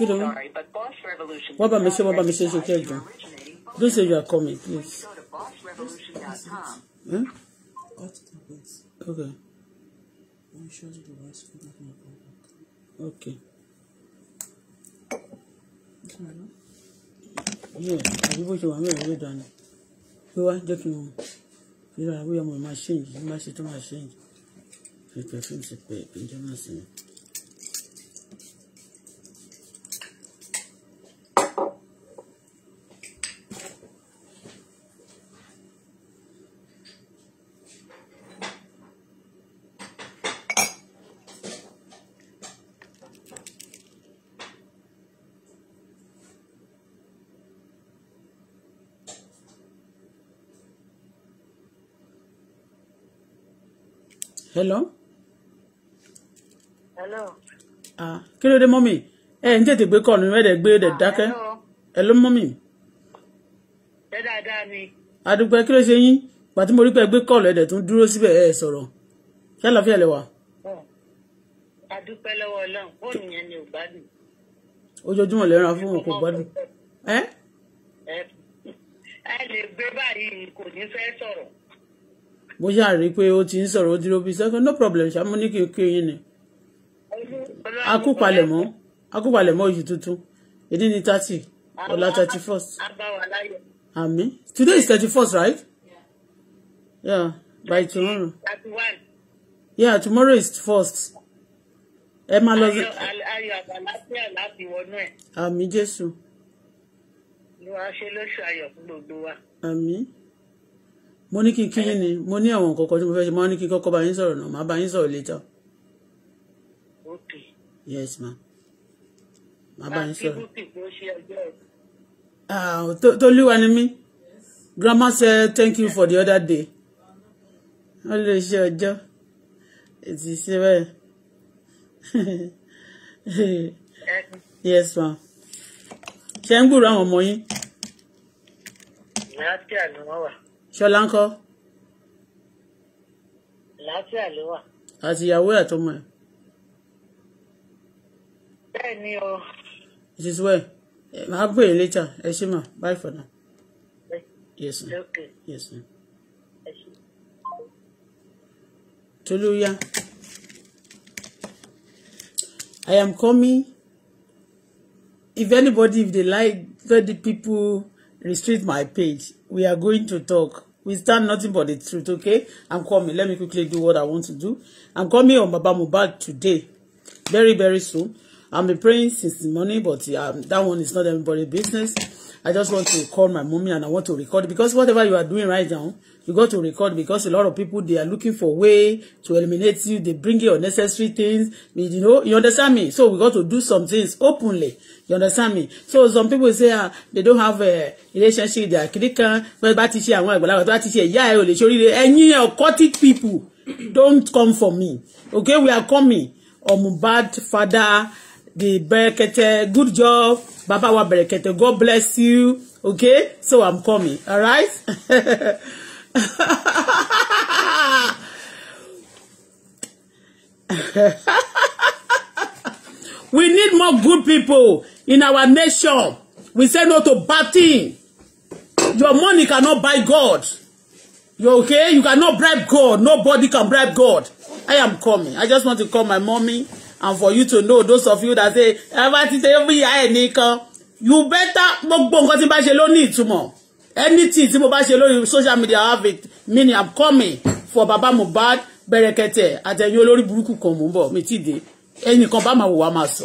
kí ló ń wọ́n bá mi ṣe wọ́n bá mi ṣe don't say you are coming please. Hmm? Okay. Okay. yẹ àbí you ṣe wà mẹ́rin ló dání pé wá jẹ́ kí n ìlú àbúyọ̀ mo máa ṣe yìí máa ṣe tó máa ṣe yìí fi pẹ̀fúm sí pé ìpínjẹ́ máa sinmi. hello. hello. ah kí ló dé mọ́mì ẹ ń tètè gbé kọ́ ni ẹ̀ dẹ̀ gbé dẹ̀ dákẹ́ ẹ ló mọ́mì. ṣé dáadáa ni. àdùpẹ́ kí ló ṣe yín pàtí mo rí pé gbé kọ́ọ̀lù ẹ̀ dẹ̀ tún dúró síbẹ̀ ẹ̀ sọ̀rọ̀ ṣé àlàáfíà lẹ wà. àdùpẹ́ lọ́wọ́ ọlọ́run fóònù yẹn ni ò gbádùn. ojoojúmọ́ lè ra fóònù kò gbádùn. ẹ ẹ lè gbé báyìí kò ní fẹ́ sọ̀rọ̀ mo ṣáà rí i pé ó ti ń sọ̀rọ̀ ó dúró bíi second no problem ṣá mo ní kí n kí yín ni akúpalẹ̀mọ́ akúpalẹ̀mọ́ oṣù tuntun èdè ní thirty ọ̀la thirty first àmín today is thirty first right yeah by tomorrow yeah tomorrow is first ẹ máa lọ sí. ayọ̀ àbàlásíà láti wọnú ẹ̀. àmín jésù. ìwà ṣe lóṣù ayọ̀ fún gbogbo wa. àmín mo ní kí n kí yín ni mo ní àwọn nǹkan kan tí mo fẹ́ ṣe mo ní kí n kọ́kọ́ bá yín sọ̀rọ̀ náà màá bá yín sọ̀rọ̀ later. okay. yes ma màá bá yín sọ̀rọ̀. ah Tolúwa ni mí grandma said thank you for the other day wọ́n lè ṣe ọjọ́ ètí ṣe yes ma ṣe ń gbúrò àwọn ọmọ yín. ìyá tí àná wà ṣọlá ń kọ́. làáfíà ló wà. àti ìyàwó ẹ̀ tó mọ̀ ẹ́. bẹ́ẹ̀ ni o. it is well màá pè é later ẹ ṣé mà bye for now. yes okay. yes ma. Toluya. I am coming. If anybody, if they like, the people restrict my page. We are going to talk. We stand nothing but the truth, okay? I'm coming. Let me quickly do what I want to do. I'm coming on Baba Mohbad today, very, very soon. I've been praying since the morning, but um, that one is not everybody business. I just want to call my mommy and I want to record because whatever you are doing right now, you got to record because a lot of people they are looking for way to eliminate you. They bring you unnecessary things. You know, you understand me. So we got to do some things openly. You understand me? So some people say ah, they don't have a relationship. They are critical. But bá ti I àwọn àgbàlagbà tó bá ti ṣe ìyá ẹ ò lè ṣoríire. occultic people don't come for me. Okay, we are coming. bad, father the Berekete. Good job. Baba wa Berekete. God bless you. Okay? So I'm coming. All right? we need more good people in our nation. We say no to bad thing. Your money cannot buy God. You okay? You cannot bribe God. Nobody can bribe God. I am coming. I just want to call my mommy and for you to know those of you that say ẹ bá ti ṣe bí ìyá ẹ nìkan you better gbogbo nǹkan tí n bá ṣe ló ìtumọ̀ anything tí mo bá ṣe lórí social media have it meaning I'm coming for Baba Mohbad bẹ̀rẹ̀kẹ̀tẹ̀ àtẹ̀yìn olórí burúkú kan mò ń bọ̀ mi ti dé ẹnì kan bá máa wò wá máa sọ.